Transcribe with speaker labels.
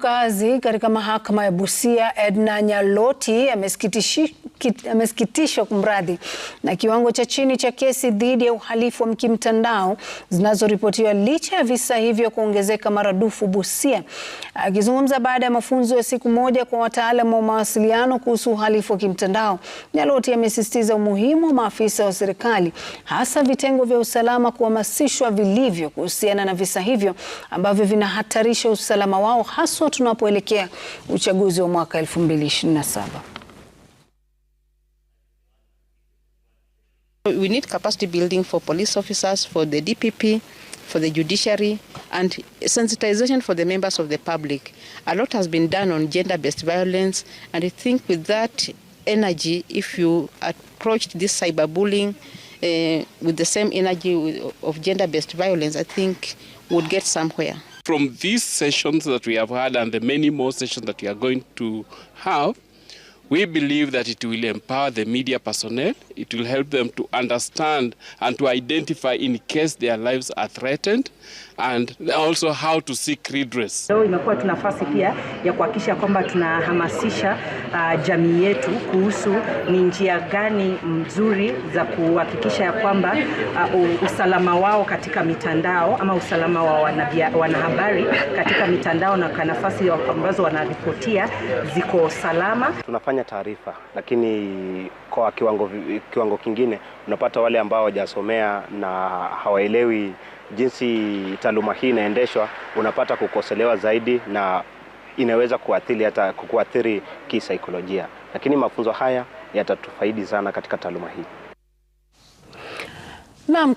Speaker 1: Mkazi katika mahakama ya Busia Edna Nyaloti amesikitishika amesikitishwa kumradhi na kiwango cha chini cha kesi dhidi ya uhalifu wa kimtandao zinazoripotiwa licha ya visa hivyo kuongezeka maradufu Busia. Akizungumza baada ya mafunzo ya siku moja kwa wataalamu wa mawasiliano kuhusu uhalifu wa kimtandao, nyaloti amesisitiza umuhimu wa maafisa wa serikali hasa vitengo vya usalama kuhamasishwa vilivyo kuhusiana na visa hivyo ambavyo vinahatarisha usalama wao haswa tunapoelekea uchaguzi wa mwaka 2027.
Speaker 2: We need capacity building for police officers, for the DPP, for the judiciary, and sensitization for the members of the public. A lot has been done on gender-based violence, and I think with that energy, if you approached this cyberbullying uh, with the same energy of gender-based violence, I think would get somewhere.
Speaker 3: From these sessions that we have had and the many more sessions that we are going to have, We believe that it will empower the media personnel. It will help them to understand and to identify in case their lives are threatened and also how to seek redress.
Speaker 1: Leo imekuwa tu nafasi pia ya kuhakikisha kwamba tunahamasisha uh, jamii yetu kuhusu ni njia gani mzuri za kuhakikisha ya kwamba uh, usalama wao katika mitandao ama usalama wa wanahabari katika mitandao na nafasi ambazo wanaripotia ziko salama.
Speaker 4: Tunafanya wanakusanya taarifa, lakini kwa kiwango, kiwango kingine unapata wale ambao hawajasomea na hawaelewi jinsi taaluma hii inaendeshwa, unapata kukoselewa zaidi na inaweza kuathiri hata kukuathiri kisaikolojia, lakini mafunzo haya yatatufaidi sana katika taaluma hii. Naam.